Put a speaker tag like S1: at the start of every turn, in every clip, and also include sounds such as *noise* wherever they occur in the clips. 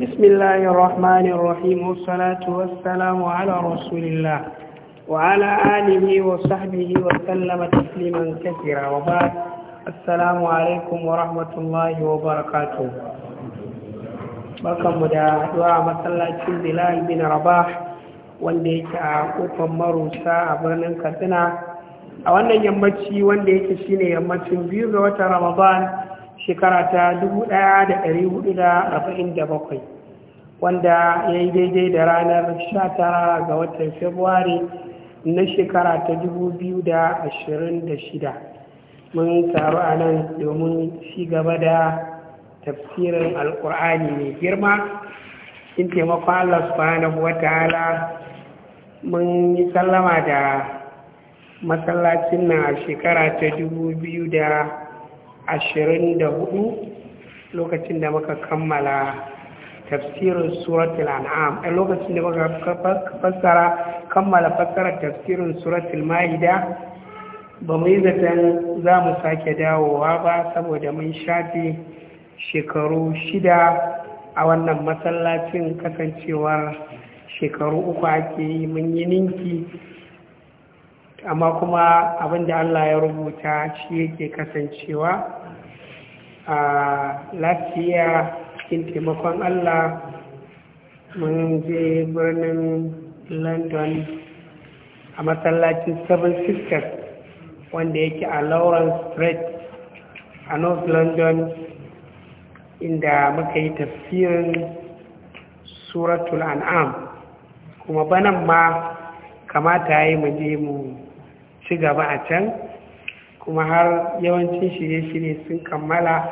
S1: بسم الله الرحمن الرحيم والصلاة والسلام على رسول الله وعلى آله وصحبه وسلم تسليما كثيرا وبعد السلام عليكم ورحمة الله وبركاته barkan mu da haɗuwa a masallacin bilal bin wanda yake a kofar marusa a birnin katsina a wannan yammaci wanda yake shine yammacin biyu ga watan ramadan shekara ta 1447 wanda ya yi daidai da ranar sha tara ga watan februari na shekara ta 2026 mun taru a nan domin ci gaba da tafsirin alkur'ani mai girma in taimakon allah subhanahu wa ta'ala mun yi sallama da masallacin na shekara ta 2000 ashirin da hudu lokacin da muka kammala tafsirin suratul an'am a lokacin da muka fassara kammala fassarar tafsirin suratul ma'ida ba mu yi zaton za mu sake dawowa ba saboda mun shafi shekaru shida a wannan masallacin kasancewar shekaru uku ake yi mun yi ninki amma kuma abin da Allah ya rubuta shi yake kasancewa a lafiya cikin taimakon Allah mun je birnin london a matsalacin seven sisters wanda yake a lawrence street a north london inda muka yi tafsirin suratul an'am kuma banan ma kamata ya yi mu ci gaba a can kuma har yawancin shirye-shirye sun kammala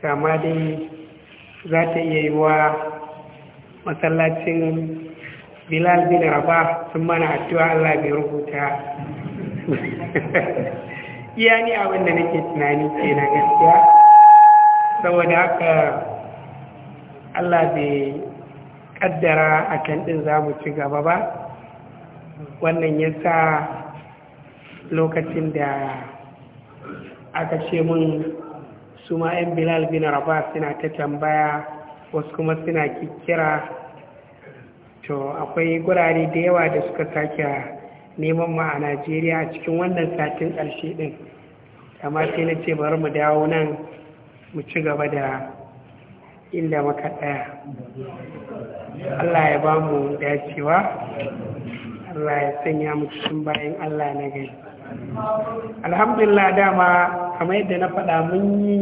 S1: kama dai za ta iya yi wa masallacin bilal bin raba sun mana addu'a Allah bai rubuta *laughs* iya ni abin da nake tunani ke na gaskiya saboda haka Allah bai kaddara a kan ɗin za mu ci gaba ba wannan yasa sa lokacin da aka ce mun su ma 'yan bilal bin raba suna ta tambaya wasu kuma suna kikira to akwai gurare da yawa da suka sake neman ma a najeriya a cikin wannan satin ƙarshe ɗin amma sai na ce bari mu dawo nan mu ci gaba da inda maka
S2: ɗaya allah ya ba
S1: mu dacewa allah ya sanya mu cikin bayan allah na gani alhamdulillah dama kamar yadda na faɗa mun yi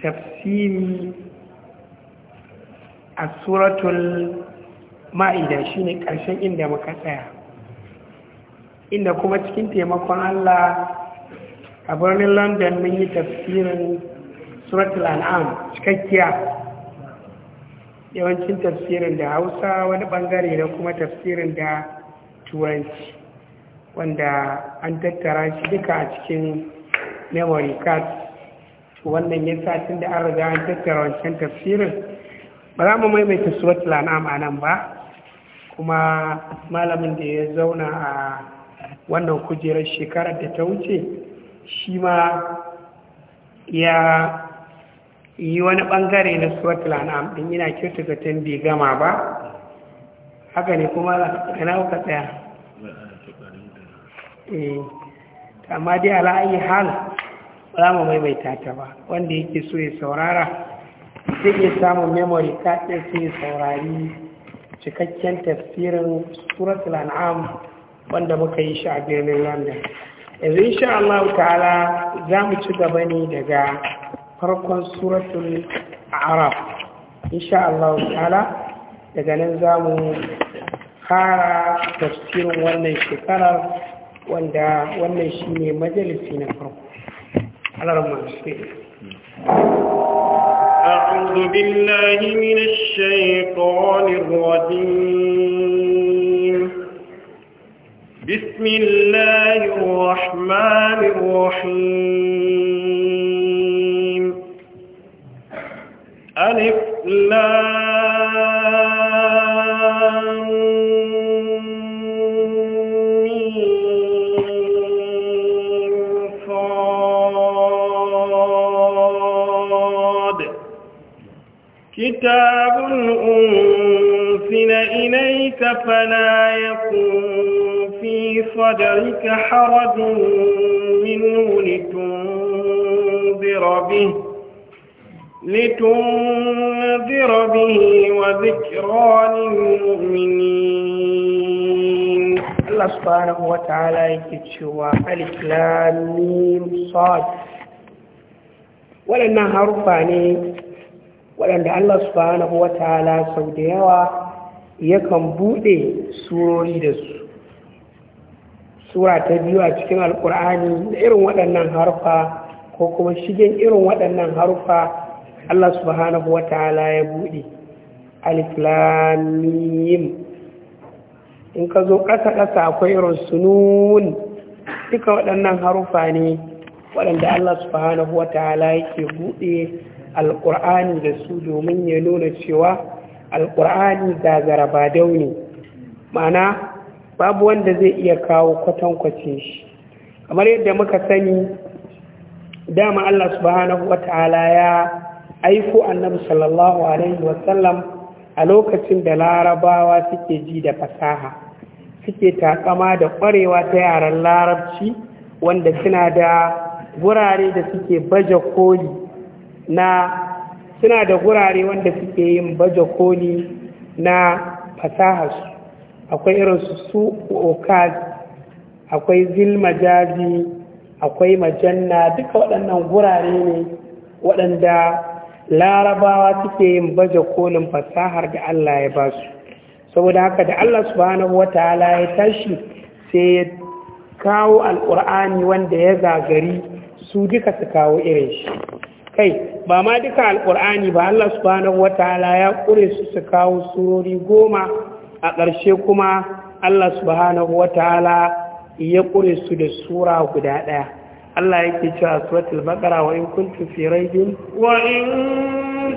S1: tafsiri a suratul ma'ida ne ƙarshen inda muka tsaya inda kuma cikin taimakon Allah a birnin london mun yi tafsirin suratul an'am cikakkiya yawancin tafsirin da hausa wani bangare da kuma tafsirin da turanci wanda an tattara shi duka a cikin memory card wannan ya sa tun da an raga an tattara wancan tafsirin ba za mu maimaita suwatul an'am a nan ba kuma malamin da ya zauna a wannan kujerar shekarar da ta wuce shi ma ya yi wani bangare na suwatul an'am din yana kyautu tun bai gama ba haka ne kuma na ka tsaya eh amma dai ala ayi hal ba za mu maimaita ta ba wanda yake so ya saurara sai ya samu memory card sai ya saurari cikakken tafsirin suratul an'am wanda muka yi shi a birnin london yanzu insha Allah ta'ala za mu ci gaba ne daga farkon suratul arab insha Allah ta'ala daga nan za mu fara tafsirin wannan shekarar wanda wannan shi ne majalisi na farko
S3: alarma shi أعوذ بالله من الشيطان الرجيم بسم الله الرحمن الرحيم ألف لا بعض كتاب أنزل إليك فلا يكون في صدرك حرج منه لتنذر به لتنذر به وذكرى للمؤمنين الله سبحانه وتعالى يكتشوى
S1: الإسلام صاد waɗannan harufa ne waɗanda Allah subhanahu wa ta'ala sau da yawa yakan buɗe surori da su sura ta biyu a cikin alƙur'ani da irin waɗannan harufa ko kuma shigen irin waɗannan harufa Allah subhanahu wa ta'ala ya buɗe aliflamim in ka zo ƙasa-ƙasa akwai irin sunun duka waɗannan harufa ne waɗanda Allah subhanahu ta'ala yake buɗe alƙur'ani da su domin ya nuna cewa alƙur'ani gagara ba ne. ma'ana babu wanda zai iya kawo kwatankwacin shi kamar yadda muka sani dama Allah subhanahu ta'ala ya aiko annabi sallallahu alaihi wasallam a lokacin da larabawa suke ji da fasaha suke takama da ƙwarewa ta yaran larabci wanda suna da gurare da suke baje koli na suna da gurare wanda suke yin baje koli na fasahar akwai irin su su okaz akwai zilmajazi akwai majanna duka waɗannan gurare ne waɗanda larabawa suke yin baje kolin fasahar da Allah ya ba su saboda haka da Allah subhanahu wataala ya tashi sai ya kawo al'ur'ani wanda ya gagari su duka su kawo irin shi kai ba ma duka alkur'ani ba Allah subhanahu wataala ya kure su su kawo surori goma a ƙarshe kuma Allah subhanahu wataala ya kure su da sura guda ɗaya Allah yake cewa suratul baqara wa in kuntum fi raibin
S3: wa in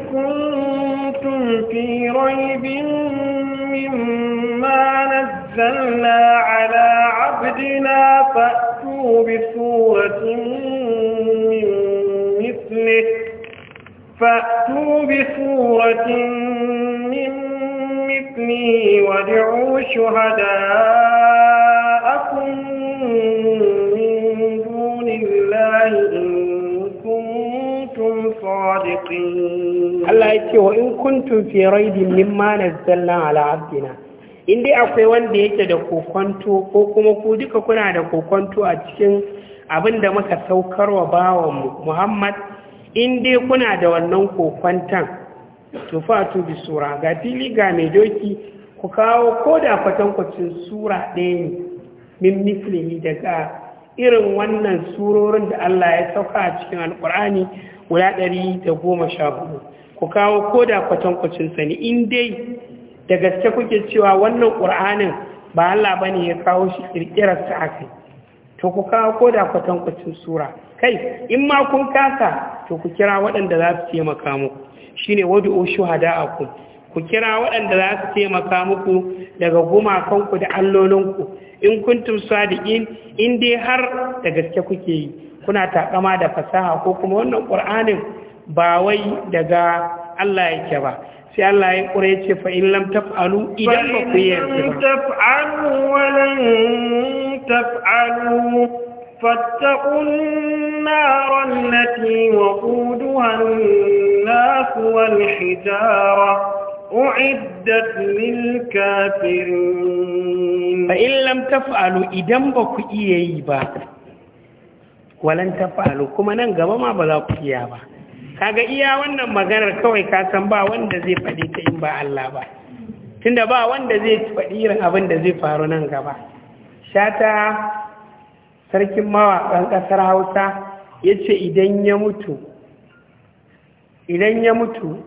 S3: kuntum fi raibin mimma nazzalna ala abdina fa فأتوا بسورة من مثله فأتوا بسورة من مثله وادعوا شهداءكم من دون الله إن كنتم صادقين الله يتيه وإن
S1: كنتم في ريب مما نزلنا على عبدنا in dai akwai wanda yake da kokonto ko kuma ku duka kuna da kokonto a cikin abin da muka saukarwa mu. muhammad in dai kuna da wannan kokontan tufatu bi sura ga fili ga mai doki ku kawo ko da kwatankwacin sura ɗaya ne min mislihi daga irin wannan surorin da Allah ya sauka a cikin alkur'ani guda ɗari da goma sha hudu ku kawo ko da kwatankwacin sani in dai da gaske kuke cewa wannan ƙur'anin ba Allah ba ne ya kawo shi ƙirƙirar ta aka to ku kawo ko da kwacin sura kai in ma kun kasa to ku kira waɗanda za su taimaka muku ne wadu o shuhada a ku ku kira waɗanda za su taimaka muku daga gumakanku da allolinku in kuntum sadiqin in dai har da gaske kuke yi kuna takama da fasaha ko kuma wannan ƙur'anin ba wai daga Allah yake ba sai Allah ya kure ce fa in lam taf'alu idan ba ku yi yarda
S3: ba taf'alu wa lan taf'alu fattaqun nar allati waquduha nas wal hijara u'iddat lil kafirin fa in lam taf'alu idan ba ku iya yi ba
S1: walan taf'alu kuma nan gaba ma ba za ku iya ba kaga iya wannan maganar kawai ka san ba wanda zai faɗi ta in ba Allah ba tunda ba wanda zai faɗi irin abin da zai faru nan gaba shata sarkin mawaƙan ƙasar Hausa ya ce idan ya mutu idan ya mutu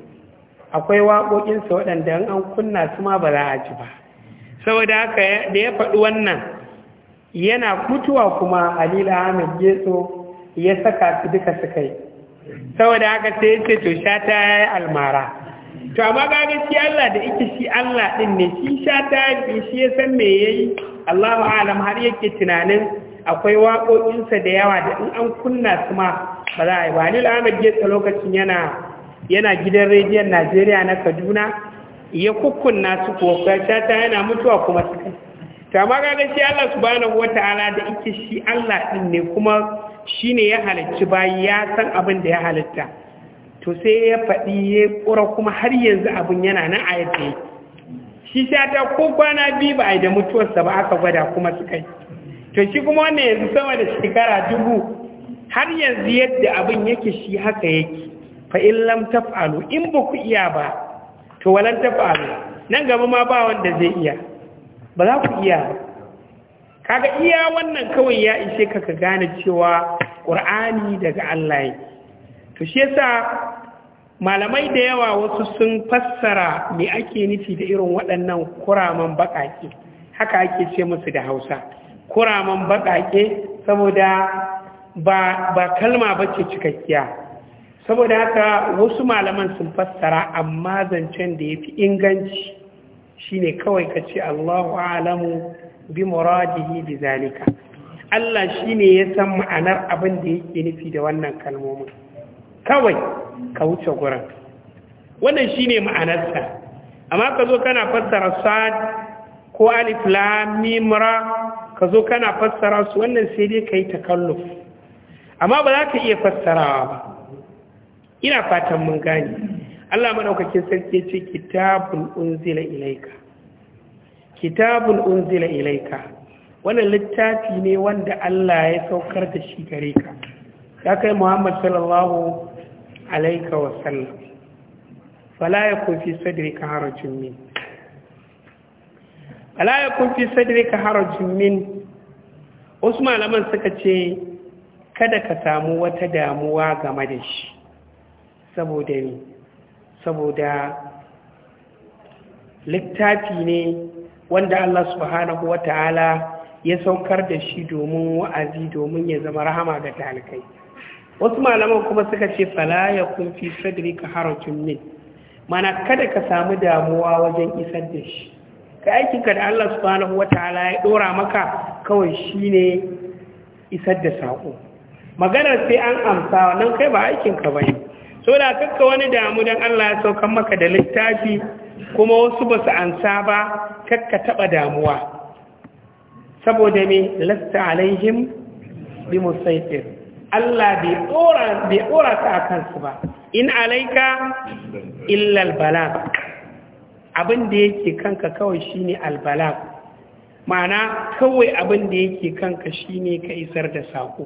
S1: akwai waƙoƙinsa waɗanda an kunna su ma ba za a ji ba saboda haka da ya faɗi wannan yana mutuwa kuma alila ahmed geso ya saka su duka su kai. saboda haka sai ce to shata ya yi almara to amma ga gaske Allah da ike shi Allah din ne shi shata ya shi ya san me yayi Allahu alam har yake tunanin akwai waƙoƙinsa da yawa da in an kunna su ma ba za a yi ba ni lokacin yana yana gidan rediyon Najeriya na Kaduna ya kukkunna su kuwa shata yana mutuwa kuma su kai to amma ga gaske Allah subhanahu wataala da ike shi Allah din ne kuma Shi ne ya halarci bayi ya san abin da ya halarta to sai ya faɗi ya ƙura kuma har yanzu abin yana nan a yadda yake shi shata ko kwana biyu ba a yi da mutuwarsa ba aka gwada kuma su kai. to shi kuma wannan yanzu sama da shekara dubu har yanzu yadda abin yake shi haka yake fa in lam taf'alu in ba ku iya ba to walan nan gaba ma ba wanda zai iya ba za ku iya ba kaga iya wannan kawai ya ishe ka ka gane cewa ƙur'ani daga Allah to shi yasa malamai da yawa wasu sun fassara me ake nufi da irin waɗannan kuraman baƙaƙe haka ake ce musu da hausa kuraman baƙaƙe saboda ba, kalma ba ce cikakkiya saboda haka wasu malaman sun fassara amma zancen da ya fi inganci shi ne kawai ka ce allahu alamu bi muradihi bi zalika Allah shine ya san ma'anar abin da yake nufi da wannan kalmomin kawai ka wuce gurin wannan shine ma'anarsa amma ka zo kana fassara sad ko alif lam mim ra ka zo kana fassara su wannan sai dai kai takalluf amma ba za ka iya fassarawa ba ina fatan mun gane Allah madaukakin sarki ya ce kitabun unzila ilaika kitabun unzila ilaika wannan littafi ne wanda Allah ya saukar da shi gare ka ya kai Muhammad sallallahu alaika wa sallam fala yakun fi sadrika harajun min fala yakun fi sadrika harajun min wasu malaman suka ce kada ka samu wata damuwa game da shi saboda saboda littafi ne wanda Allah subhanahu wa ta'ala ya saukar da shi domin wa'azi domin ya zama rahama ga talikai wasu malaman kuma suka ce fala ya kun fi sadrika harajun min mana kada ka samu damuwa wajen isar da shi ka aikinka da Allah subhanahu wa ta'ala ya ɗora maka kawai shine isar da sako maganar sai an amsa wannan kai ba aikinka ba ne. so da kakka wani damu don Allah ya saukar maka da littafi kuma wasu ba su ansa ba kakka taɓa damuwa saboda me lasta alaihim bi musaitir Allah bai ɗora ta a kansu ba in alaika illal balak abin da yake kanka kawai shine albalak ma'ana kawai abin da yake kanka shine ka isar da saƙo.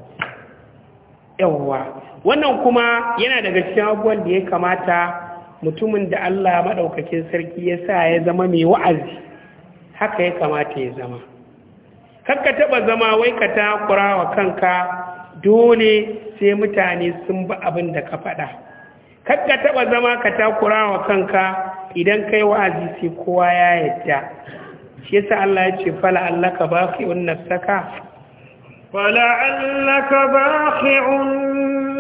S1: yawwa wannan kuma yana daga cikin abubuwan da ya kamata mutumin da Allah maɗaukakin sarki ya sa ya zama mai wa'azi haka ya kamata ya zama kakka taɓa zama wai ka takura wa kanka dole sai mutane sun ba abin da ka faɗa kakka taɓa zama ka takura wa kanka idan kai wa'azi sai kowa ya yadda shi yasa Allah ya ce fala Allah ka ba ki unnafsaka
S3: fala Allah ka ba ki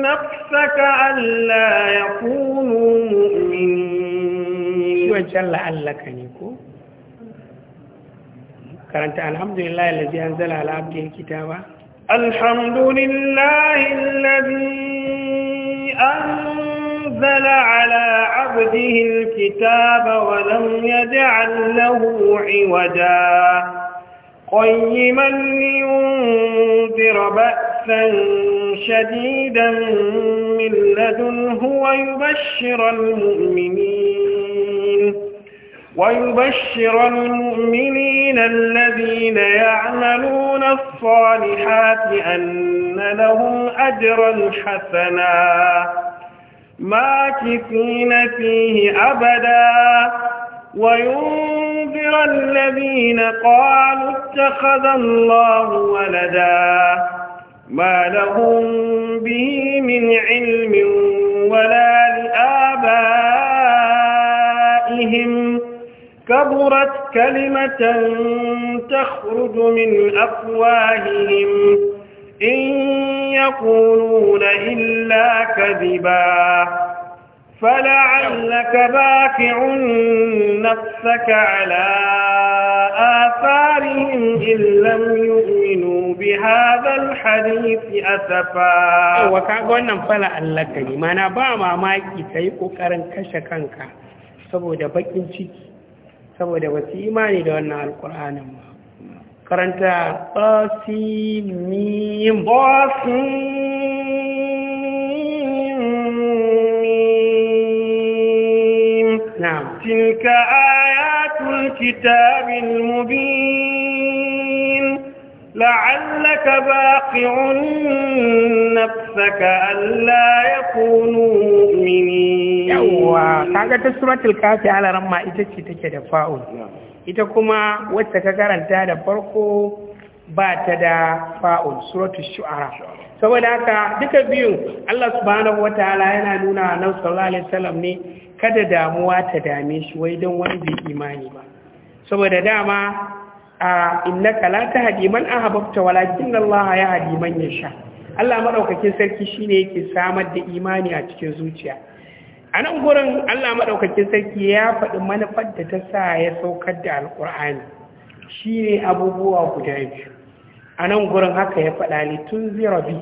S3: نفسك ألا يكونوا مؤمنين شو إن شاء الله ألك نيكو
S1: كانت الحمد لله الذي أنزل على عبده الكتاب
S3: الحمد لله الذي أنزل على عبده الكتاب ولم يجعل له عوجا قيما لينذر بأسا شديدا من لدنه ويبشر المؤمنين ويبشر المؤمنين الذين يعملون الصالحات أن لهم أجرا حسنا ماكثين فيه أبدا وينذر الذين قالوا اتخذ الله ولدا ما لهم به من علم ولا لآبائهم كبرت كلمة تخرج من أفواههم إن يقولون إلا كذباً فلعلك باكع نفسك على آثارهم إن لم يؤمنوا بهذا الحديث أسفا
S1: وكاغ wannan fala'allaka ne mana ba mamaki kai kokarin kashe kanka saboda bakin ciki saboda wasu imani da wannan alkur'anin karanta
S3: qasimim qasimim تلك آيات الكتاب المبين لعلك باقع نفسك ألا يكونوا مؤمنين يوا
S1: تسمى تلك الكافي على رمى إتشي تكي دفاعون ita kuma wacce ka karanta da ba ta da fa'ul suratu shu'ara saboda haka duka biyu Allah subhanahu Ta'ala yana nuna nan sallallahu alaihi wasallam ne kada damuwa ta dame shi wai don wani bai imani ba saboda dama a kala ta tahdi man wala, walakin Allah ya hadi man sha. Allah maɗaukakin sarki shi ne yake samar da imani a cikin zuciya a nan gurin Allah maɗaukakin sarki ya faɗi manufar da ta sa ya saukar da alƙur'ani shi ne abubuwa guda biyu a nan gurin haka ya faɗa litun zirabi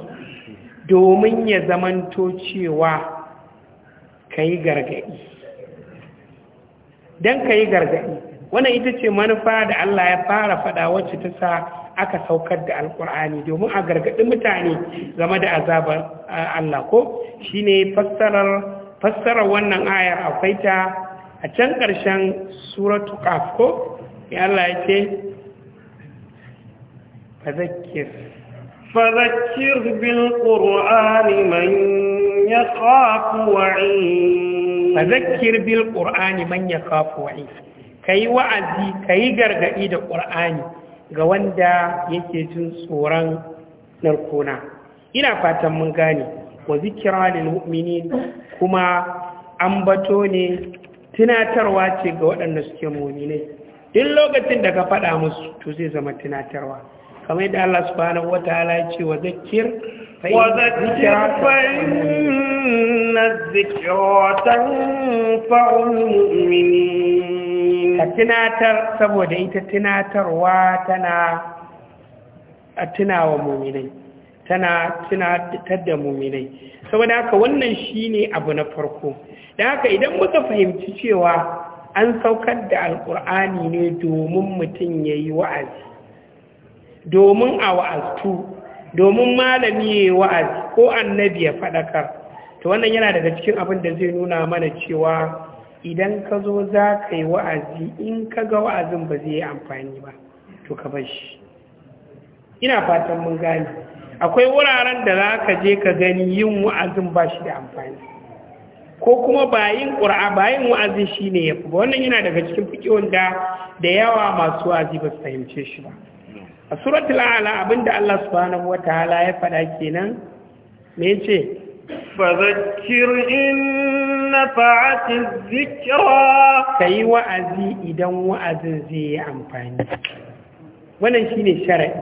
S1: domin ya zamanto cewa ka yi gargaɗi don ka yi gargaɗi wannan ita ce manufa da Allah ya fara faɗa wacce ta sa aka saukar da alkur'ani domin a gargaɗi mutane game da azabar Allah ko shi ne fassarar wannan ayar akwai ta a can ƙarshen suratu ƙaf ya Allah ya ce
S3: fadakir fadakir bil qur'ani man yakhafu wa'id fadakir
S1: bil qur'ani man yakhafu Ka kai wa'azi kai gargadi da qur'ani ga wanda yake jin tsoron narkona ina fatan mun gane wa zikira lil mu'minin kuma ambato ne tunatarwa ce ga waɗanda suke muminai Din lokacin da ka faɗa musu to zai zama tunatarwa kamar da Allah subhanahu wataala ya ce wa zakir fa
S3: inna dhikra tanfa'ul mu'minin ka tunatar saboda ita tunatarwa
S1: tana a tunawa mu'minai tana tunatar da mu'minai saboda haka wannan shine abu na farko dan haka idan muka fahimci cewa an saukar da alkur'ani ne domin mutum ya yi wa'azi domin a wa'aztu domin malami ya yi wa'azi ko annabi ya faɗakar to wannan yana daga cikin abin da zai nuna mana cewa idan ka zo za ka yi wa'azi in ka ga wa'azin ba zai yi amfani ba to ka bar shi ina fatan mun gane akwai wuraren da za ka je ka gani yin wa'azin ba shi da amfani ko kuma bayin ƙura'a bayin wa'azi shi ne ya fi wannan yana daga cikin fikihun da da yawa masu wa'azi ba su fahimce shi ba a suratul a'la abinda Allah subhanahu wataala ya faɗa kenan me yace
S3: fadhakkir in nafa'ati
S1: dhikra kai wa'azi idan wa'azin zai yi amfani wannan shine sharadi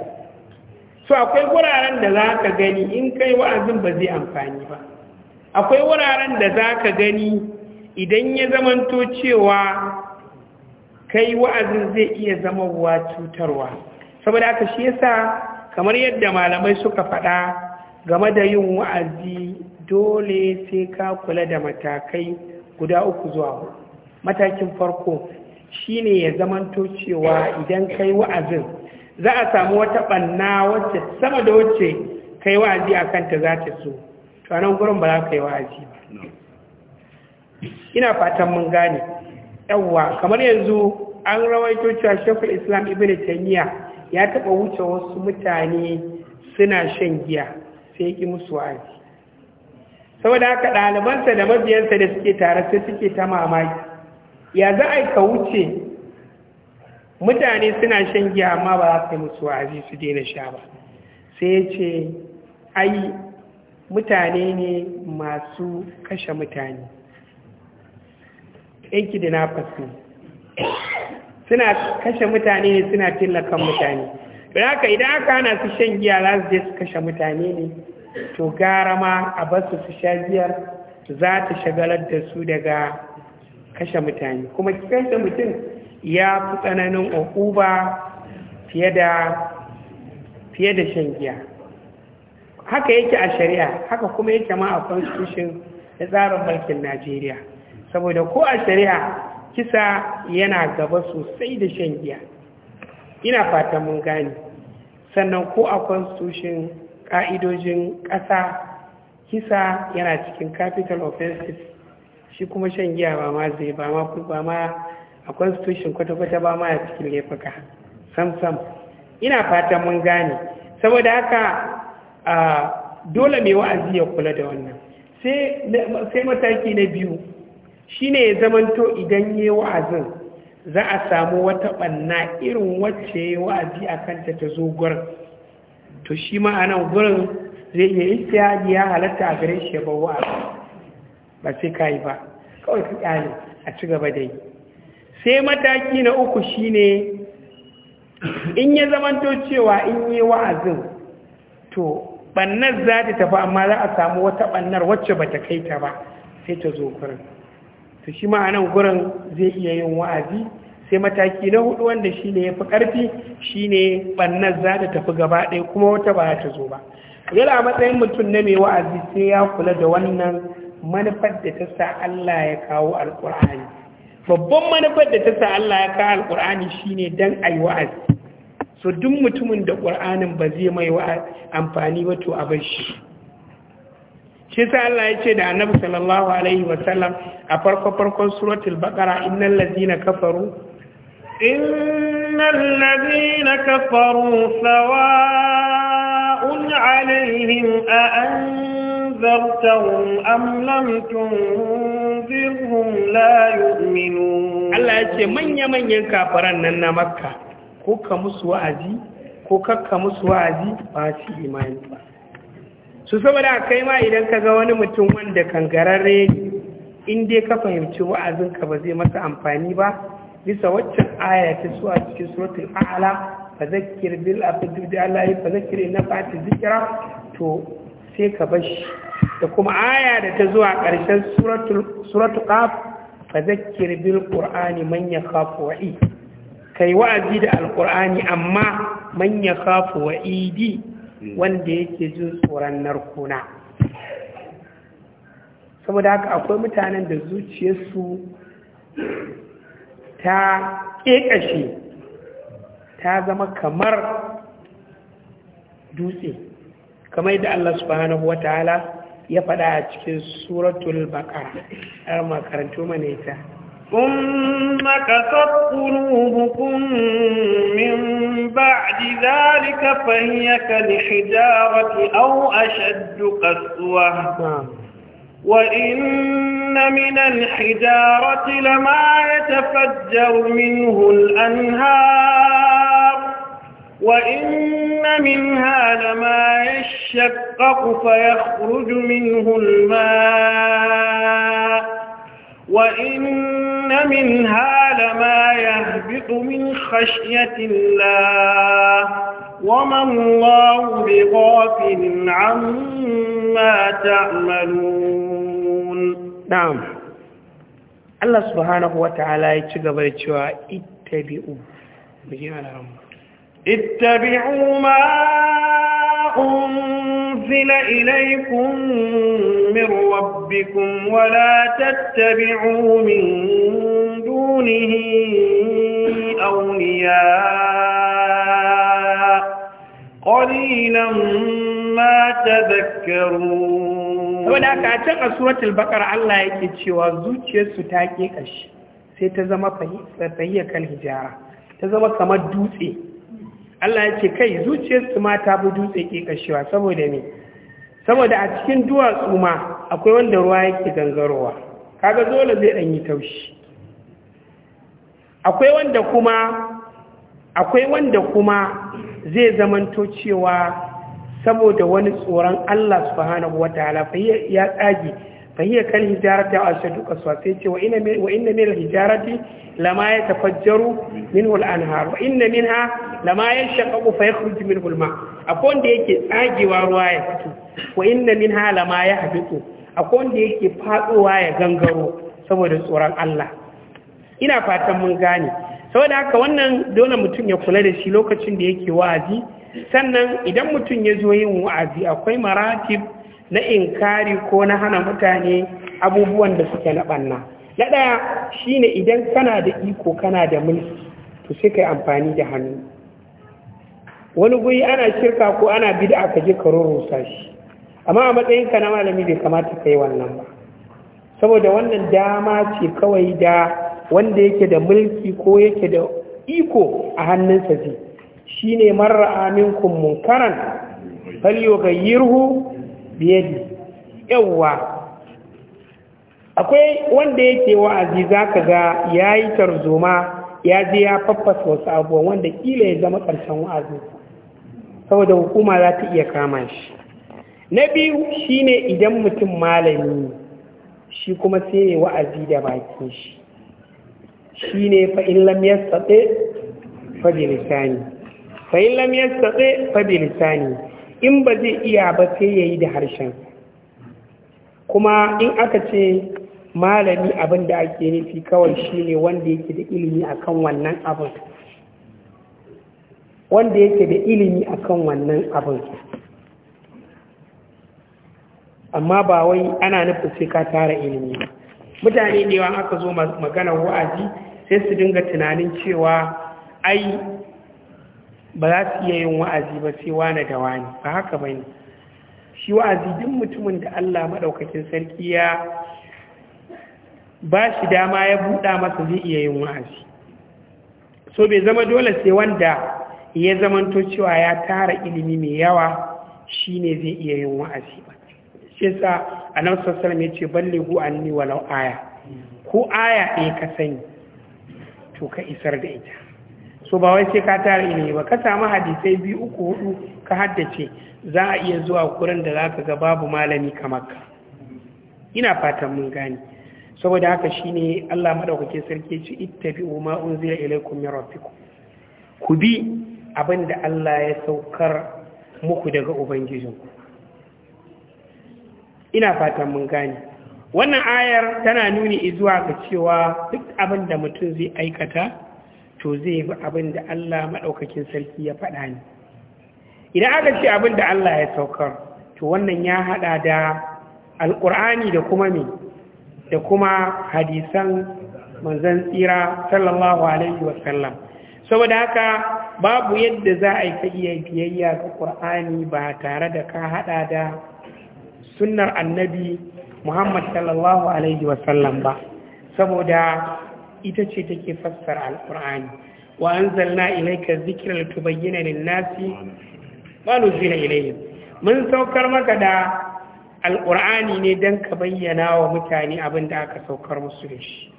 S1: so akwai guraren da zaka gani in kai wa'azin ba zai amfani ba akwai wuraren da za ka gani idan ya zamanto cewa kai wa'azin zai iya zamawa cutarwa saboda haka shi yasa kamar yadda malamai suka faɗa game da yin wa'azi dole sai ka kula da matakai guda uku zuwa matakin farko shi ne ya zamanto cewa idan kai wa'azin za a samu wata ɓanna wacce sama da wacce kai wa'azi a kanta za ta so sanan gurin ba za ka yi wa'azi ba ina fatan mun gane yawwa kamar yanzu an rawaito cewa shekul islam ibn taymiya ya taba wuce wasu mutane suna shan giya sai yake musu wa'azi saboda haka ɗalibansa da mabiyansa da suke tare sai suke ta mamaki ya za a ka wuce mutane suna shan giya amma ba za ka yi musu wa'azi su daina sha ba sai ya ce ai mutane ne masu kashe mutane yanki da nafasu suna kashe mutane ne suna tillakan mutane haka idan aka hana su shan giya za su je su kashe mutane ne to gara ma a basu su sha giyar za ta shagalar da su daga kashe mutane kuma kashe mutum ya fi tsananin ba fiye da shan giya haka yake a shari'a haka kuma yake ma a constitution da tsarin mulkin Najeriya saboda ko a shari'a kisa yana gaba sosai da shan giya ina fatan mun gane sannan ko a constitution ka'idojin ƙasa kisa yana cikin capital offenses shi kuma shan giya ba ma zai ba ma ba ma a constitution kwata-kwata ba ma a cikin laifuka sam sam ina fatan mun gane saboda haka dole mai wa'azi ya kula da wannan sai mataki na biyu shi ne ya zamanto idan ya yi wa'azin za a samu wata ɓanna irin wacce ya wa'azi a kanta ta zo to shi ma'anan gurin zai iya istiyadi ya halatta a gare shi ya wa'azi ba sai ka yi ba kawai ka ƙyale a ci gaba da yi sai mataki na uku shi ne, in ya zamanto cewa in yi wa'azin to bannar za ta tafi amma za a samu wata bannar wacce ba ta kai ta ba sai ta zo gurin to shi ma'anan gurin zai iya yin wa'azi sai mataki na hudu wanda shi ne ya fi ƙarfi shi ne bannar za ta tafi gaba ɗaya kuma wata ba ta zo ba yana matsayin mutum na mai wa'azi sai ya kula da wannan manufar da ta sa Allah ya kawo alƙur'ani babban manufar da ta sa Allah ya kawo alƙur'ani shine dan ayi wa'azi so duk mutumin da ƙwar'anin ba zai mai wa amfani ba to a bai shi shi sa Allah ya ce da annabi sallallahu alaihi wasallam a farko farkon
S3: suratul baqara innal ladzina kafaru innal ladzina kafaru sawa'un alaihim a anzartahum am lam tunzirhum la yu'minun Allah ya ce
S1: manya manyan kafaran nan na makka ko ka musu wa'azi ko kakka musu wa'azi ba su imani ba su saboda kai ma idan ka ga wani mutum wanda kangararre gararre dai ka fahimci wa'azinka ba zai masa amfani ba bisa waccan ayyata ta su a cikin suratul a'la ba zakir bil da Allah fa zakkir ina fa'ati zikira? to sai ka bashi da kuma aya da ta zuwa ƙarshen suratul ƙaf qaf fa bil qur'ani man yakhafu kai wa'azi da alkur'ani amma manya ya wa Idi, hmm. wanda yake jin tsoron narkuna saboda haka akwai mutanen da zuciyarsu ta ƙeƙashe ta zama kamar dutse kamar da Allah subhanahu wa ta'ala ya faɗa a cikin suratul baqara ɗar makarantu mana ita
S3: ثم كست قلوبكم من بعد ذلك فهي كالحجارة أو أشد قسوة نعم. وإن من الحجارة لما يتفجر منه الأنهار وإن منها لما يشقق فيخرج منه الماء وإن منها لما يهبط من خشية الله وما الله بغافل عما تعملون نعم الله
S1: سبحانه وتعالى يتجب الشواء اتبعوا
S3: اتبعوا ما أنزل أنزل إليكم من ربكم ولا تتبعوا من دونه أولياء قليلا ما تذكرون وانا كاتا
S1: سورة البقرة الله يكتشي وزوجي ستاكي كشي سيتزم فهي كالهجارة تزم سمدوسي Allah ya ce kai zuciyarsu ma ta bi dutse kashewa saboda ne saboda a cikin duwatsu ma akwai wanda ruwa yake gangarowa kaga dole zai ɗan yi taushi akwai wanda kuma akwai wanda kuma zai zamanto cewa saboda wani tsoron Allah subhanahu wataala fa ya tsage fa hiya kal hijarati ashadu qaswa sai ce wa inna wa inna min al hijarati lama yatafajjaru minhu al anhar wa inna minha lama fa yakhruju minhu al ma akwai wanda yake tsagewa ruwa ya fito wa inna minha lama yahbitu akwai wanda yake fadowa ya gangaro saboda tsoron Allah ina fatan mun gane saboda haka wannan dole mutum ya kula da shi lokacin da yake wa'azi sannan idan mutum ya zo yin wa'azi akwai maratib na inkari ko na hana mutane abubuwan da suke na ɓanna na ɗaya shi ne, idan kana da iko kana da mulki to sai kai amfani da hannu wani guri ana shirka ko ana bid'a aka je ka rusa shi amma a matsayinka na malami bai kamata ka yi wannan ba saboda wannan dama ce kawai da wanda yake da mulki ko yake da iko a hannunsa ce shine marra aminkun munkaran yirhu biyadi yawwa akwai wanda yake wa'azi za ka ga ya yi tarzoma ya je ya faffasa wasu abubuwan wanda kila ya zama ƙarshen wa'azi saboda hukuma za ta iya kama shi na biyu shine idan mutum malami shi kuma sai ya wa'azi da bakin shi shine fa in lam yastati fa bi lisani fa in lam yastati fa bi in ba zai iya ba sai ya yi da harshen kuma in aka ce malami abin da ake nufi kawai shine wanda yake da ilimi a kan wannan abin wanda yake da ilimi a kan wannan abin amma ba wai ana nufin sai ka tara ilimi mutane ne wa aka zo magana wa'azi sai su dinga tunanin cewa ai ba za su iya yin wa'azi ba sai wane da wani ba haka ba ne shi wa'azi duk mutumin da Allah maɗaukakin sarki ya ba shi dama ya buɗa masa zai iya yin wa'azi so bai zama dole sai wanda ya zamanto cewa ya tara ilimi mai yawa shi ne zai iya yin wa'azi ba shi sa nan sassan mai ce an ni walau aya ko aya ɗaya ka sani to ka isar da ita so ba wai sai ka tara ilimi ba ka samu hadisai biyu uku hudu ka haddace za a iya zuwa kurin da za ka ga babu malami kamar ka ina fatan mun gane saboda haka shine Allah madaukake sarki ci ittabi'u ma unzila ilaykum min rabbikum ku bi abinda Allah ya saukar muku daga ubangijinku ina fatan mun gane wannan ayar tana nuni zuwa ga cewa duk abinda mutum zai aikata to zai bi abin da Allah maɗaukakin sarki ya faɗa ne idan aka ce abin da Allah ya saukar to wannan ya haɗa da alƙur'ani da kuma me da kuma hadisan manzan tsira sallallahu alaihi wasallam saboda haka babu yadda za a yi ta iya biyayya ga ƙur'ani ba tare da ka haɗa da sunnar annabi muhammad sallallahu alaihi wasallam ba saboda ita ce take fassara alkur'ani wa anzalna ilayka dhikra litubayyana lin-nasi ma nuzila ilayhim mun saukar maka da alkur'ani ne dan ka bayyana wa mutane abin da aka saukar musu da shi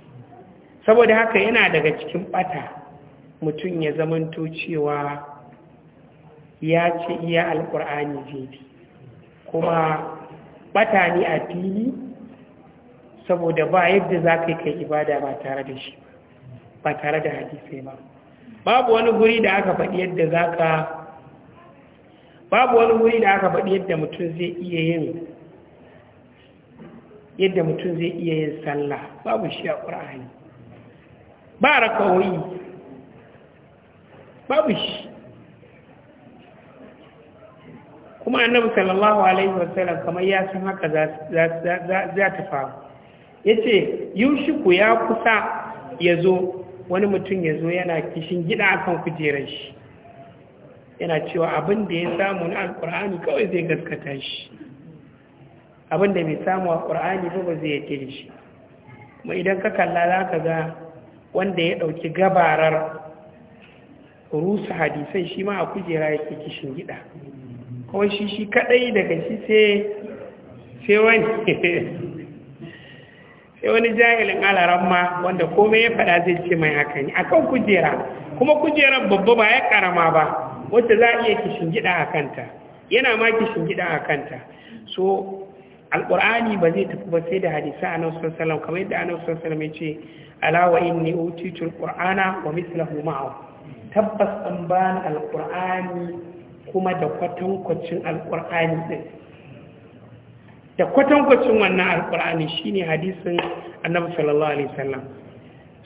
S1: saboda haka yana daga cikin bata mutum ya zamanto cewa ya ce iya alkur'ani zai kuma bata ne a fili saboda ba yadda za ka yi kai ibada ba tare da shi ba tare da hadisai ba babu wani guri da aka faɗi yadda za ka babu wani guri da aka faɗi yadda mutum zai iya yin yadda mutum zai iya yin sallah babu shi a ƙura'ani ba rakawai babu shi kuma annabi sallallahu alaihi wasallam kamar ya san haka za ta faru ya ce yushiku ya kusa ya zo wani mutum ya zo yana kishin gida a kan kujerar shi yana cewa abin da ya samu na alkur'ani kawai zai gaskata shi abin da bai samu a ƙur'ani ba ba zai yake da shi kuma idan ka kalla za ka ga wanda ya ɗauki gabarar rusa hadisai shi ma a kujera yake kishin gida kawai shi shi kaɗai daga shi sai wani *laughs* sai wani jahilin alaran ma wanda komai ya faɗa zai ce mai hakan akan kujera kuma kujerar babba ba ya karama ba wacce za a iya kishin gida a kanta yana ma kishin gida a kanta so alƙur'ani ba zai tafi ba sai da hadisa a nausar salam kamar yadda a nausar salam ya ce alawa in ne utitul ƙur'ana wa mislahu ma'a, tabbas an bani alkur'ani kuma da kwatankwacin alƙur'ani ɗin da kwatankwacin wannan alkur'ani shine hadisin annabi sallallahu alaihi sallam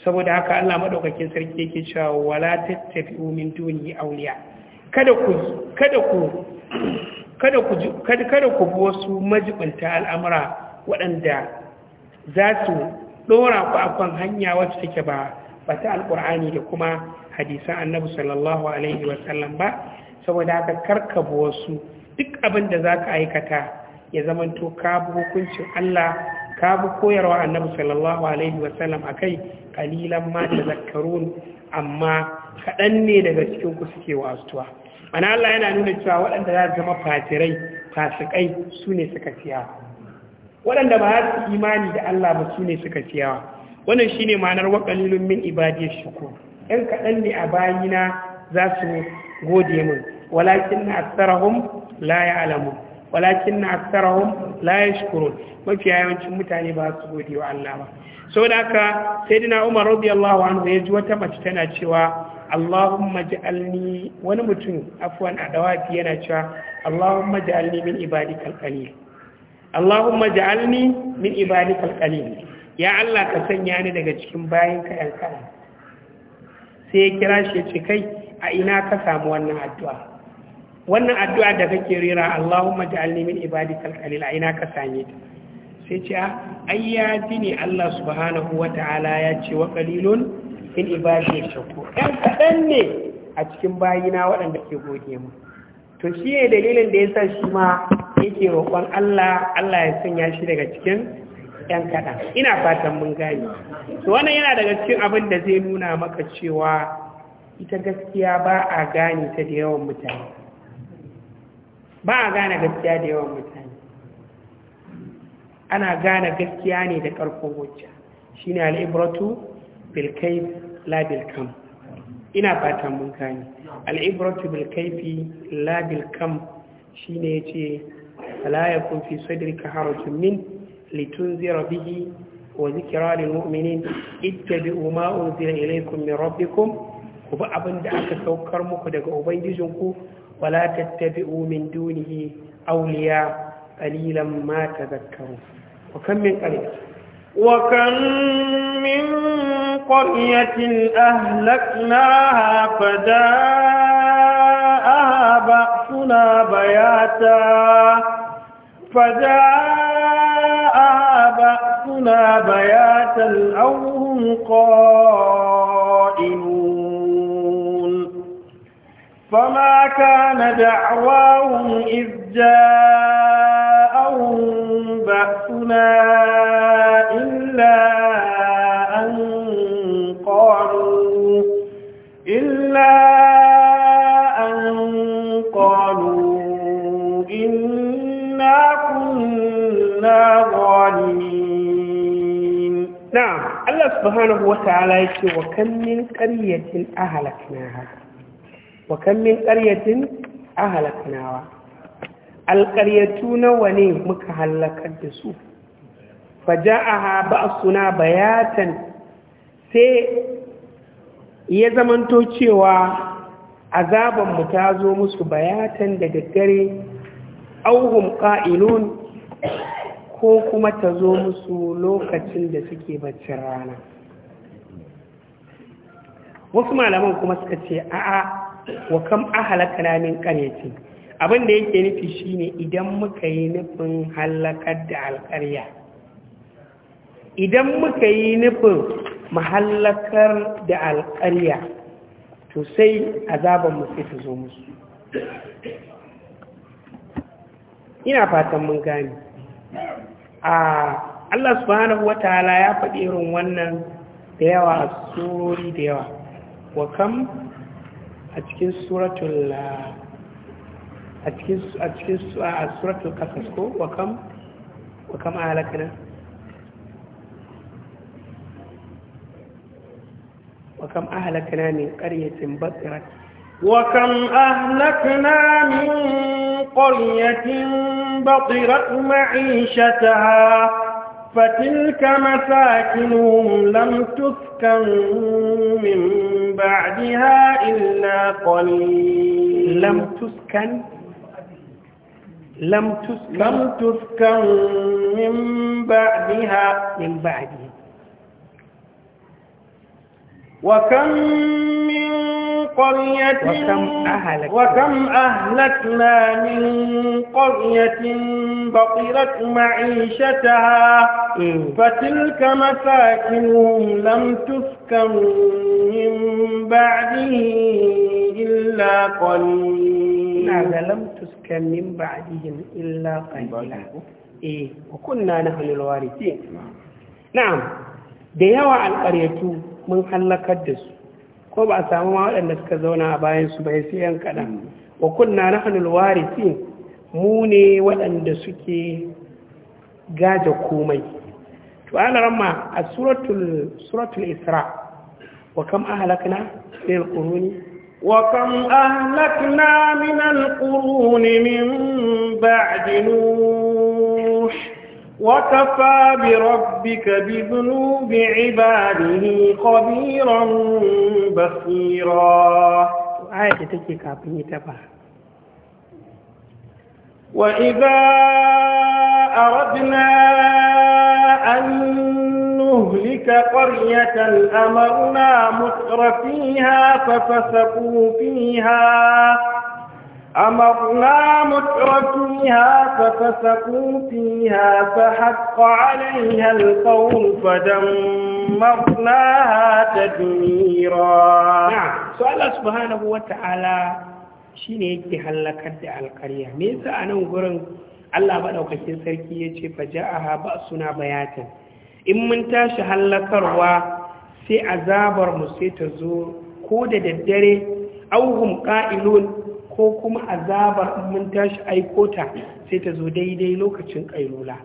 S1: saboda haka Allah maɗaukakin sarki yake cewa wala tattafi, min duni awliya kada ku kada ku bi wasu majibinta al'amura waɗanda za su ɗora ku akan hanya wacce take ba ba ta alkur'ani da kuma hadisan annabi sallallahu alaihi wasallam ba saboda haka bi wasu duk abin da za ka aikata ya zamanto ka hukuncin Allah ka bi koyarwa annabi sallallahu alaihi wasallam akai kalilan ma tazakkarun amma kaɗan ne daga cikin ku suke wasuwa ana Allah yana nuna cewa waɗanda za su zama fatirai fasikai su ne suka ciya waɗanda ba su imani da Allah ba su ne suka ciyawa wannan shine ma'anar wa qalilun min ibadiyash shuku ɗan kaɗan ne a bayina za su gode min walakin na astarahum la ya'lamun walakin na aksarahum la shukuru mafi yawancin mutane ba su gode wa Allah ba Sau aka haka dina Umar radiyallahu anhu ya ji wata mace tana cewa Allahumma ja'alni wani mutum afwan dawafi yana cewa Allahumma ja'alni min ibadi qalil Allahumma ja'alni min ibadi qalil ya Allah ka sanya ni daga cikin ka yan kana sai ya kira shi ya ce kai a ina ka samu wannan addu'a wannan addu'a da kake rera Allahumma ja'alni min ibadikal khalil a ina ka same ta sai ce ai ya ne Allah subhanahu wa ta'ala ya ce wa ƙalilun in ibadi ya shakku dan kaɗan ne a cikin bayina waɗanda ke goge mu to shi ne dalilin da ya yasa shi ma yake roƙon Allah Allah ya sanya shi daga cikin ‘yan kaɗan ina fatan mun gani to wannan yana daga cikin abin da zai nuna maka cewa ita gaskiya ba a gane ta da yawan mutane ba a gane gaskiya da yawan mutane ana gane gaskiya ne da ƙarfin shi ne al'ibratu bilkai labilkam Labilkam. ina fatan mun gane al'ibratu bilkai fi labilkam shi ne shine yace fala yakun fi sadrika harajun min zira bihi wa zikirarin mu'minin ittabi'u ma unzila ilaykum min rabbikum ku bi abin da aka saukar muku daga ubangijinku ولا تتبعوا من دونه أولياء قليلا ما
S3: تذكروا وكم من قرية وكم من قرية أهلكناها فجاءها بأسنا بياتا فجاءها بأسنا بياتا أو هم قائمون فما كان دعواهم إذ جاءهم بأسنا إلا أن قالوا إلا أن قالوا إنا كنا ظالمين نعم الله سبحانه
S1: وتعالى يقول وكم من قرية أهلكناها wa kan min ƙaryatin a halakanawa alƙaryatu nawa ne muka halakar da su faja'aha ba'suna bayatan sai ya zamanto cewa azaban mu ta zo musu bayatan da daddare auhum qa'ilun ko kuma ta zo musu lokacin da suke baccin rana wasu malaman kuma suka ce a'a wa kam ahalakana min qaryati abin da yake nufi shine idan muka yi nufin halakar da alƙarya idan muka yi nufin mahallakar da alƙarya to sai azaban mu sai ta zo musu ina fatan mun gani a Allah subhanahu wataala ya faɗi irin wannan da yawa a tsori da yawa wa kam a cikin suratul a cikin a cikin suratul kasas ko wa kam wa kam ahlakna wa kam ahlakna min qaryatin batirat
S3: wa kam ahlakna min qaryatin batirat ma'ishataha فتلك مساكنهم لم تسكن من بعدها إلا قليل لم تسكن لم تسكن لم تسكن من بعدها من بعدها وكم قرية وكم, أهلكنا وكم أهلكنا من قرية بطرت معيشتها فتلك مساكنهم لم تسكن من بعدهم إلا قليلا نعم
S1: لم تسكن من بعدهم إلا قليلا إيه وكنا نحن الوارثين نعم ديوا yawa من mun hallakar ko ba a samu ma waɗanda suka zauna a bayan su bai sai yan kaɗan wa kunna na hannun warisi mu ne waɗanda suke gaja komai to an ramma a suratul isra wa kam ahalakna min quruni
S3: wa kam ahlakna min alquruni min ba'di وكفى بربك بذنوب عباده خبيرا بصيرا آية تبا وإذا أردنا أن نهلك قرية أمرنا متر فيها ففسقوا فيها أمرنا متر فيها ففسقوا فيها فحق عليها القول فدمرناها تدميرا نعم
S1: سؤال سبحانه وتعالى shine yake hallakar da alkarya me yasa a nan gurin Allah maɗaukakin sarki ya ce fa ja'aha ba suna bayatan in mun tashi hallakarwa sai azabar mu sai ta zo ko da daddare auhum qa'ilun ko kuma azabar mun tashi aiko ta sai ta zo daidai lokacin kailula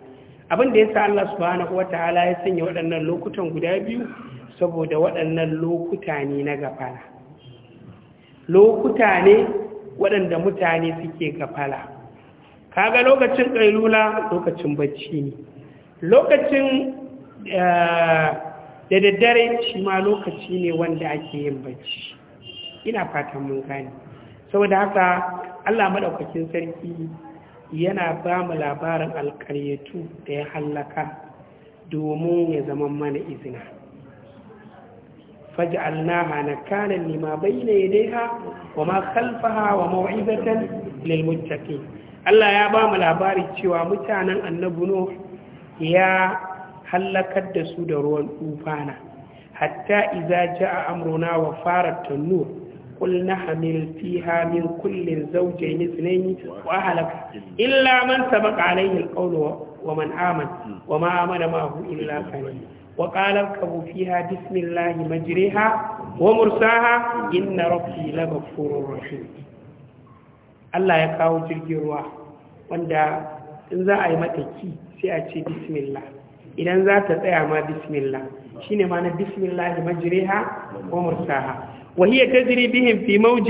S1: abin da ya sa Allah subhanahu wataala ya sanya waɗannan lokutan guda biyu saboda waɗannan lokuta ne na gafala lokuta ne waɗanda mutane suke gafala kaga lokacin kailula lokacin bacci ne lokacin eh, da daddare shi ma lokaci ne wanda ake yin bacci ina fatan mun gane saboda haka Allah madaukakin sarki yana ba mu labarin alƙaryatu da ya hallaka domin ya zama mana izina faj'alnaha nakalan lima bayna yadayha wa ma khalfaha wa maw'izatan lil muttaqin Allah ya ba mu labari cewa mutanen annabi no ya hallakar da su da ruwan tufana hatta idza jaa amruna wa farat tanur قلنا حمل فيها من كل زوجين اثنين وأهلك إلا من سبق عليه القول ومن آمن وما آمن معه إلا قليل وقال اركبوا فيها بسم الله مجريها ومرساها إن ربي لغفور رحيم Allah ya kawo jirgin ruwa wanda in za a yi mata ki sai a ce bismillah idan za ta tsaya ma bismillah shine ma na bismillah majriha wa mursaha وهي تجري بهم في موج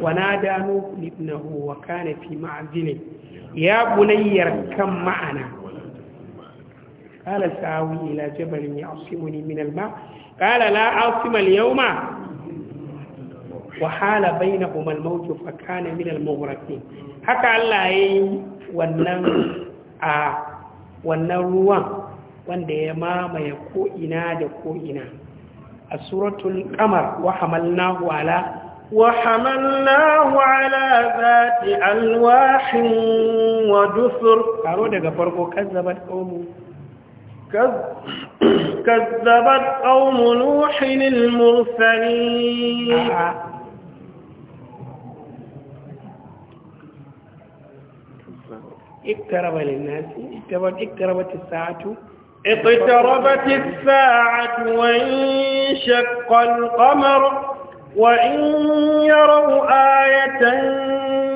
S1: ونادى نوح ابنه وكان في معزل يا بني اركب معنا قال سآوي إلى جبل يعصمني من الماء قال لا أعصم اليوم وحال بينهما الموت فكان من المغرقين haka Allah ya yi wannan a wannan ruwan wanda ya mamaye ko'ina da ko'ina سورة القمر وحملناه على
S3: وحملناه على ذات ألواح ودثر أرود دقا فرقوا كذبت قوم كذبت قوم نوح المرسلين
S2: آه.
S1: اقترب للناس
S3: اقتربت الساعة اقتربت الساعة وانشق القمر وإن يروا آية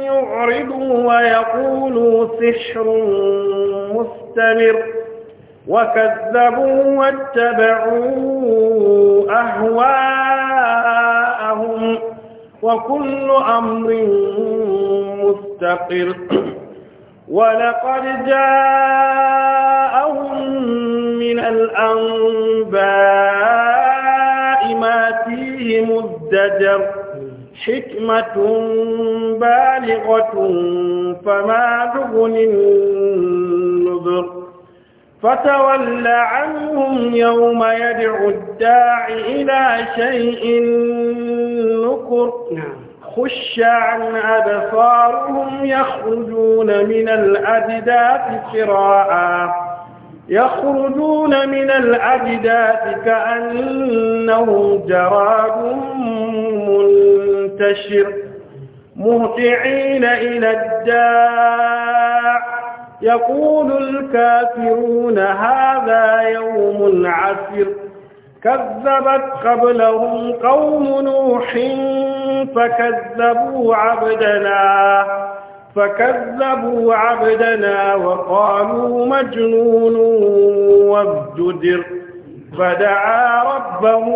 S3: يعرضوا ويقولوا سحر مستمر وكذبوا واتبعوا أهواءهم وكل أمر مستقر *clears throat* ولقد جاءهم من الأنباء ما فيه مزدجر حكمة بالغة فما تغني النذر فتول عنهم يوم يدعو الداع إلى شيء نكر نعم. خش عن أبصارهم يخرجون من الأجداث سراعا يخرجون من الأجداث كأنهم جراد منتشر مهتعين إلى الداع يقول الكافرون هذا يوم عسر كذبت قبلهم قوم نوح فكذبوا عبدنا فكذبوا عبدنا وقالوا مجنون وابتدر فدعا ربه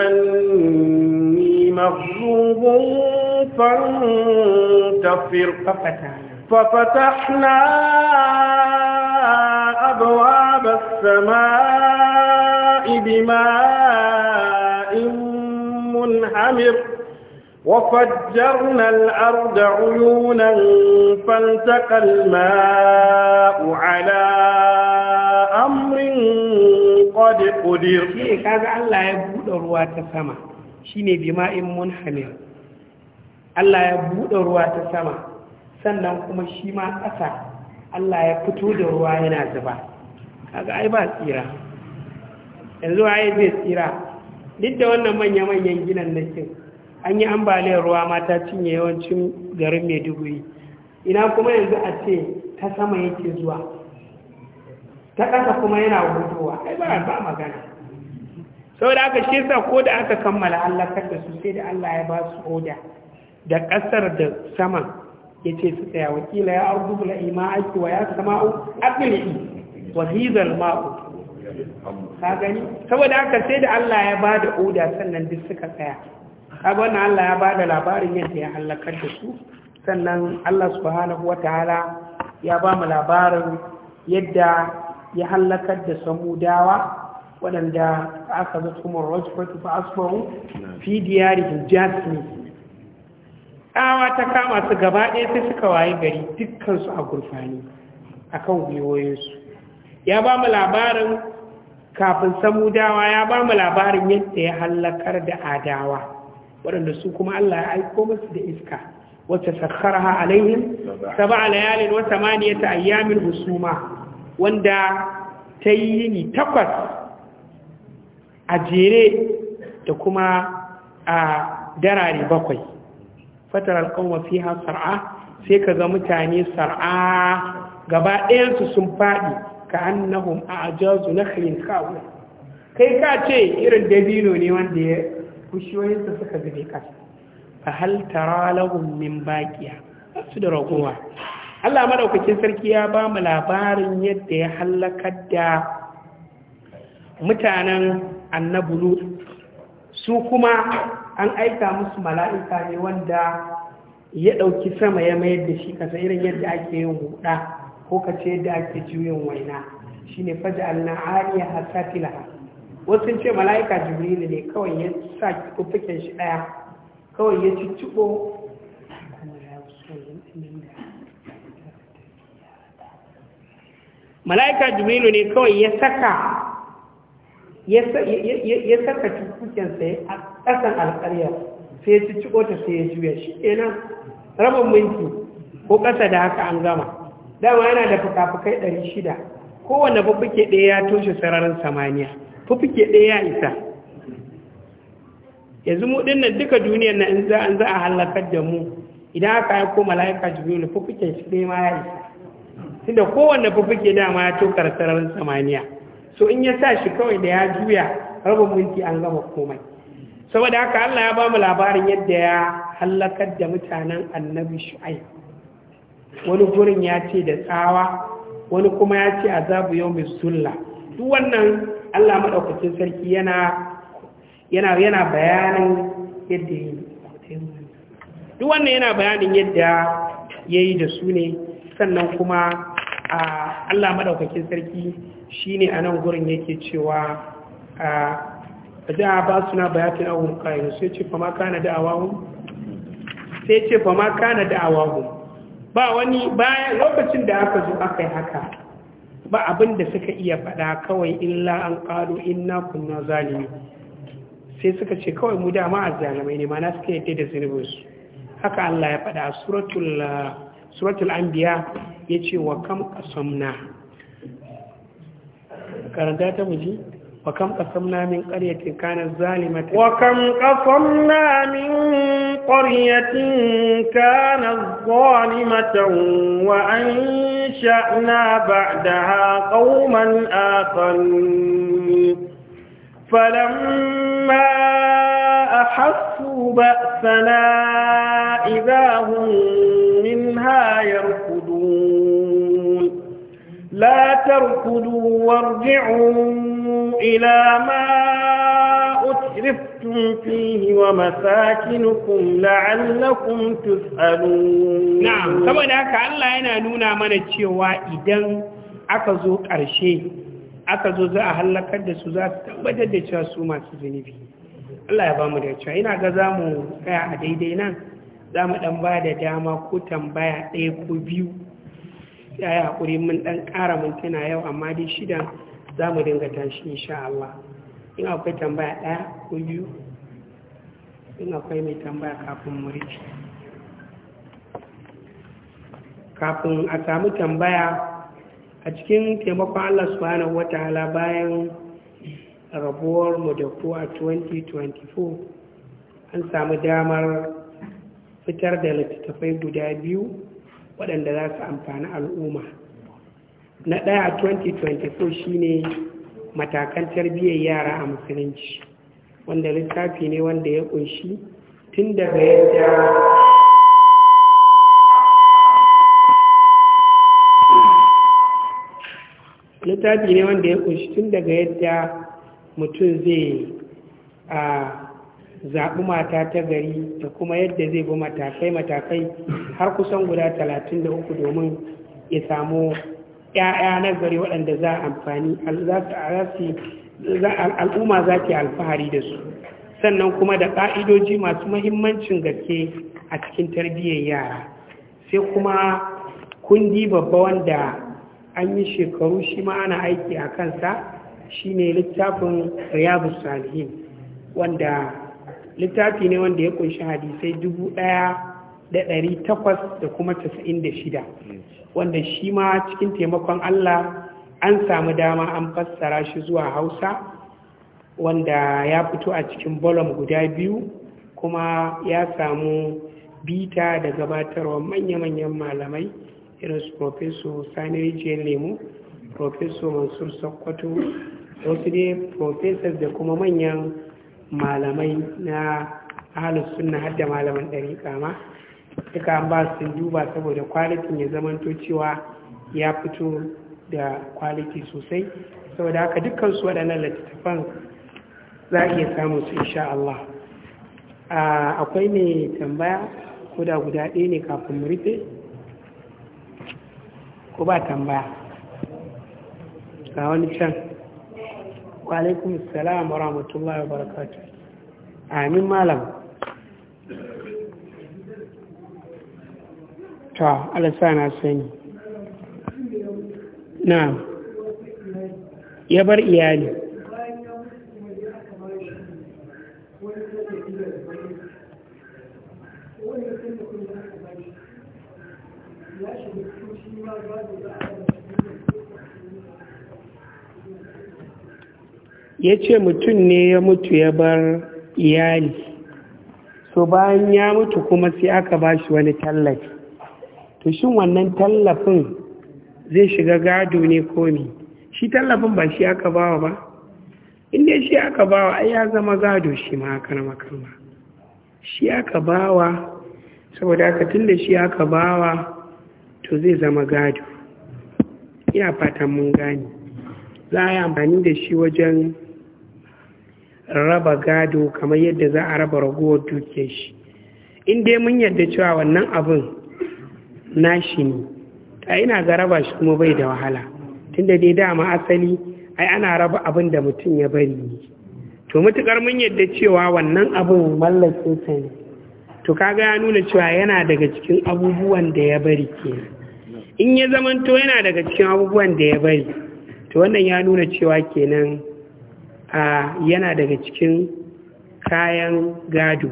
S3: أني مغلوب فانتصر ففتحنا أبواب السماء بماء منهمر وفجرنا الأرض عيونا فالتقى الماء على أمر قد قدر
S1: شيء الله يبود رواة السماء شيني بماء منحمر الله يبود رواة السماء sannan kuma shi ma ƙasa Allah ya fito da ruwa yana zuba kaga ai ba tsira yanzu ai bai tsira duk da wannan manya-manyan ginan na an yi ambaliyar ruwa mata cinye yawancin garin maiduguri ina kuma yanzu a ce ta sama yake zuwa ta ƙasa kuma yana hutuwa ai ba ba magana sau da aka shi ko da aka kammala allakar da su sai da allah ya ba su oda da ƙasar da saman ya ce su tsaya wakila ya bula ima aiki wa ya sama'u aqli'i wa hizal ma'u ka gani saboda aka sai da allah ya ba da oda sannan duk suka tsaya kaga Allah ya ba da labarin yadda ya halakar da su sannan Allah subhanahu wataala ya ba mu labarin yadda ya halakar da samudawa waɗanda aka zo kuma rajfatu fa asbahu fi diyarihim jasmin ta kama su gaba ɗaya sai suka waye gari dukkansu a gurfani kan gwiwoyinsu ya ba mu labarin kafin samudawa ya ba mu labarin yadda ya halakar da adawa waɗanda su kuma Allah ya aiko masu da iska wacce sakharaha alaihim sab'a layalin wa thamaniyata ayyamin husuma wanda ta yi ni takwas a jere da kuma a darare bakwai fatar alƙawar fiha sar'a sai ka ga mutane sar'a gaba ɗayansu sun faɗi ka annahum a ajazu na kai ka ce irin dabino ne wanda ya bushiyoyinsa suka zube ƙasa fa hal tara lahum min baqiya su da ragowa Allah madaukakin sarki ya ba mu labarin yadda ya halakar da mutanen annabulu su kuma an aika musu mala'ika ne wanda ya dauki sama ya mayar da shi kasa irin yadda ake yin huda ko kace yadda ake juyin waina shine faja alna ariya wasu ce mala'ika jibrilu ne kawai ya sa kufukin shi ɗaya kawai ya cicciɓo mala'ika jibrilu ne kawai ya saka ya saka kufukinsa a ƙasan alƙaryar sai ya cicciɓo ta sai ya juya shi ɗanan rabin minti ko ƙasa da haka an gama dama yana da fuka-fukai 600 kowane babbake ɗaya ya toshe sararin samaniya fufike ɗaya ya isa yanzu mu nan duka duniyar na in za a halakar da mu idan aka yi ko mala'ika jibril fufuke shi ɗaya ma ya isa tunda kowanne fufuke dama ya tokar sararin samaniya so in ya sa shi kawai da ya juya rabin minti an gama komai saboda haka Allah ya bamu labarin yadda ya halakar da mutanen annabi shu'ai wani gurin ya ce da tsawa wani kuma ya ce azabu yau mai sulla duk wannan Allah maɗaukacin sarki yana yana bayanin yadda ya yi duk wannan yana bayanin yadda ya yi da su ne sannan kuma Allah maɗaukacin sarki shi ne a nan gurin yake cewa a za ba suna bayatin abubuwan kayan sai ce fama kana da awawun sai ce fama kana da awawun ba wani bayan lokacin da aka zo aka yi haka ba abin da suka iya faɗa kawai illa an ƙalu inna kunna zalimi sai suka ce kawai mu dama a zalimai ne mana suka yadda da zunubinsu haka Allah ya faɗa suratul uh, suratul ya ce wa kam ƙasamna karanta ta muji wa kam ƙasamna min
S3: ƙaryatin kanar zalimatan wa kam ƙasamna min قرية كانت ظالمة وأنشأنا بعدها قوما آخرين فلما أحسوا بأسنا إذا هم منها يركضون لا تركضوا وارجعوا إلى ما لبثتم فيه ومساكنكم لعلكم تسألون نعم كما
S1: haka Allah yana nuna mana cewa idan aka zo ƙarshe aka zo za a halakar da su za su tabbatar da cewa su masu zunubi Allah ya bamu da cewa ina ga zamu kai a daidai nan zamu dan ba da dama ko tambaya ɗaya ko biyu Yaya hakuri mun ɗan ƙara mintuna yau amma dai shida zamu mu dinga tashi insha Allah in akwai tambaya ɗaya ko biyu in akwai mai tambaya kafin murici kafin a samu tambaya a cikin taimakon allah hana wata hala bayan rabuwar mu da ku a 2024 an samu damar fitar da littattafai guda biyu waɗanda za su amfani al'umma na ɗaya a 2024 shine matakan tarbiyyar yara a musulunci wanda littafi ne wanda ya kunshi tun daga yadda littafi ne wanda ya kunshi tun daga yadda mutum zai a zaɓi mata ta gari da kuma yadda zai bi matakai-matakai har kusan guda 33 domin ya samu 'ya'ya na gari waɗanda za a amfani al'umma za ta alfahari da su sannan kuma da ƙa'idoji masu mahimmancin gaske a cikin tarbiyyar yara sai kuma kundi babba wanda an yi shekaru shi ma ana aiki a kansa shine littafin riyadu salihin wanda littafi ne wanda ya kunshi hadisai dubu ɗaya da ɗari takwas da kuma casa'in da shida wanda shi ma cikin taimakon Allah an samu dama an fassara shi zuwa hausa wanda ya fito a cikin bolom guda biyu kuma ya samu bita da gabatarwa manya-manyan malamai irin su profeso sani rijiyar lemu profeso mansur sokoto wasu ne profesor da kuma manyan malamai na halittun sunna hadda malaman ɗari kama duka an ba su duba saboda kwalitin ya zamanto cewa ya fito da kwaliti sosai saboda haka dukkan su waɗannan littattafan za a iya samun su insha Allah akwai ne tambaya ko da guda ɗaya ne kafin mu rufe ko ba tambaya ga wani can wa alaikum salam wa rahmatullahi wa barakatu. amin malam
S2: ta alasa na sani na
S1: ya bar iyali ya ce mutum ne ya mutu ya bar iyali so bayan ya mutu kuma sai aka ba shi wani tallafi to shin wannan tallafin zai shiga gado ne ko ne shi tallafin ba shi aka bawa ba inda shi aka bawa ai ya zama gado shi ma aka na shi aka bawa saboda aka tunda shi aka bawa to zai zama gado ina fatan mun gani za a yi amfani da shi wajen raba gado kamar yadda za a raba ragowar dukiyar shi in dai mun yadda cewa wannan abin nashi ne a ina ga raba shi kuma bai da wahala tunda dai dama asali ai ana raba abin da mutum ya bari ne. to matukar mun yadda cewa wannan abin mallakin sa ne to kaga ya nuna cewa yana daga cikin abubuwan da ya bari kenan in ya zamanto yana daga cikin abubuwan da ya bari to wannan ya nuna cewa kenan a yana daga cikin kayan gado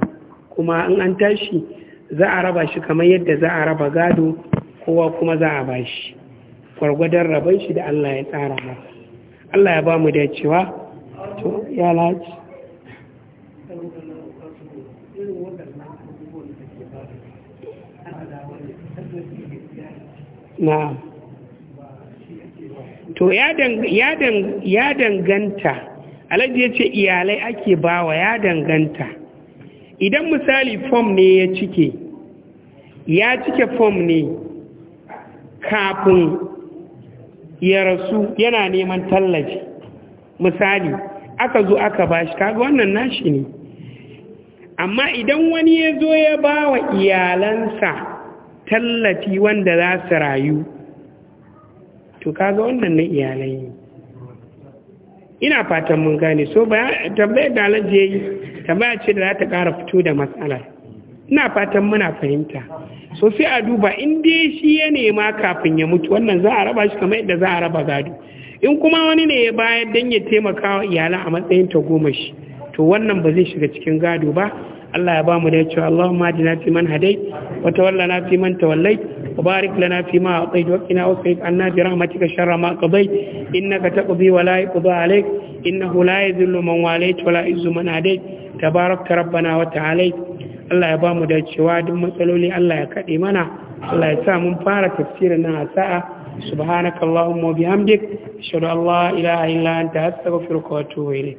S1: kuma in an tashi za a raba shi kamar yadda za a raba gado kowa kuma za a ba shi gwargwadon rabon shi da Allah ya tsara ba Allah ya ba mu da cewa to ya laji
S2: to ya danganta
S1: alaji ya ce iyalai ake bawa ya danganta idan misali fom ne ya cike ya cike fom ne kafin ya rasu yana neman tallafi misali aka zo aka bashi kaga wannan nashi ne amma idan wani ya zo ya ba wa iyalansa tallafi wanda za su rayu to kaga wannan na iyalai ina fatan mun gane so ba tambayar da alaji ya yi tambaya ce da za ta ƙara fito da matsalar ina fatan muna fahimta so sai a duba in dai shi ya nema kafin ya mutu wannan za a raba shi kamar yadda za a raba gado in kuma wani ne ya bayar don ya taimaka wa iyalan a matsayin ta goma shi to wannan ba zai shiga cikin gado ba Allah ya bamu da cewa Allahumma ajina fi man hadait wa tawallana fi man tawallait wa barik lana fi ma atait wa qina wasrif anna bi rahmatika sharra ma qadait innaka taqdi wa la yuqda alayk innahu la yadhillu man walayt wa la yuzzu man hadait tabarakta rabbana wa ta'ala Allah ya bamu da cewa duk matsaloli Allah ya kade mana Allah ya sa mun fara tafsirin nan a sa'a سبحانك اللهم وبحمدك اشهد ان لا اله الا انت استغفرك واتوب اليك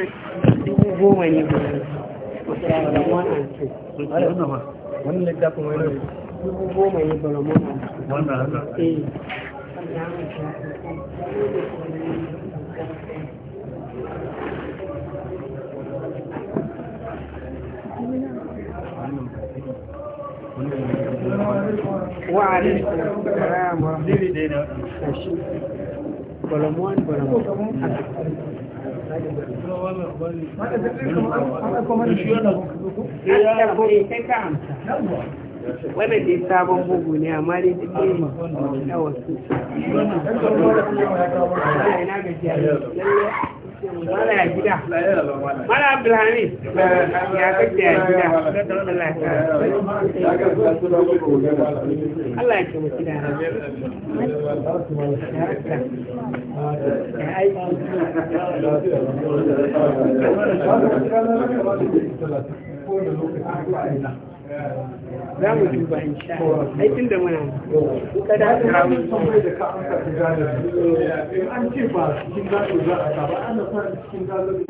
S2: wannan goma ne
S1: wannan littafin wani dubu goma
S2: ne wannan dai sabon bugu ne amma dai duk ne a wasu mana gida mana abdulhamis ya kake ya gida Allah ya kuma gida ya aiki kowane lokaci ko za mu duba in sha aikin da muna Kada kuka da haka mai da ka amsa ta gada an ce ba cikin za a ta ba ana fara cikin gado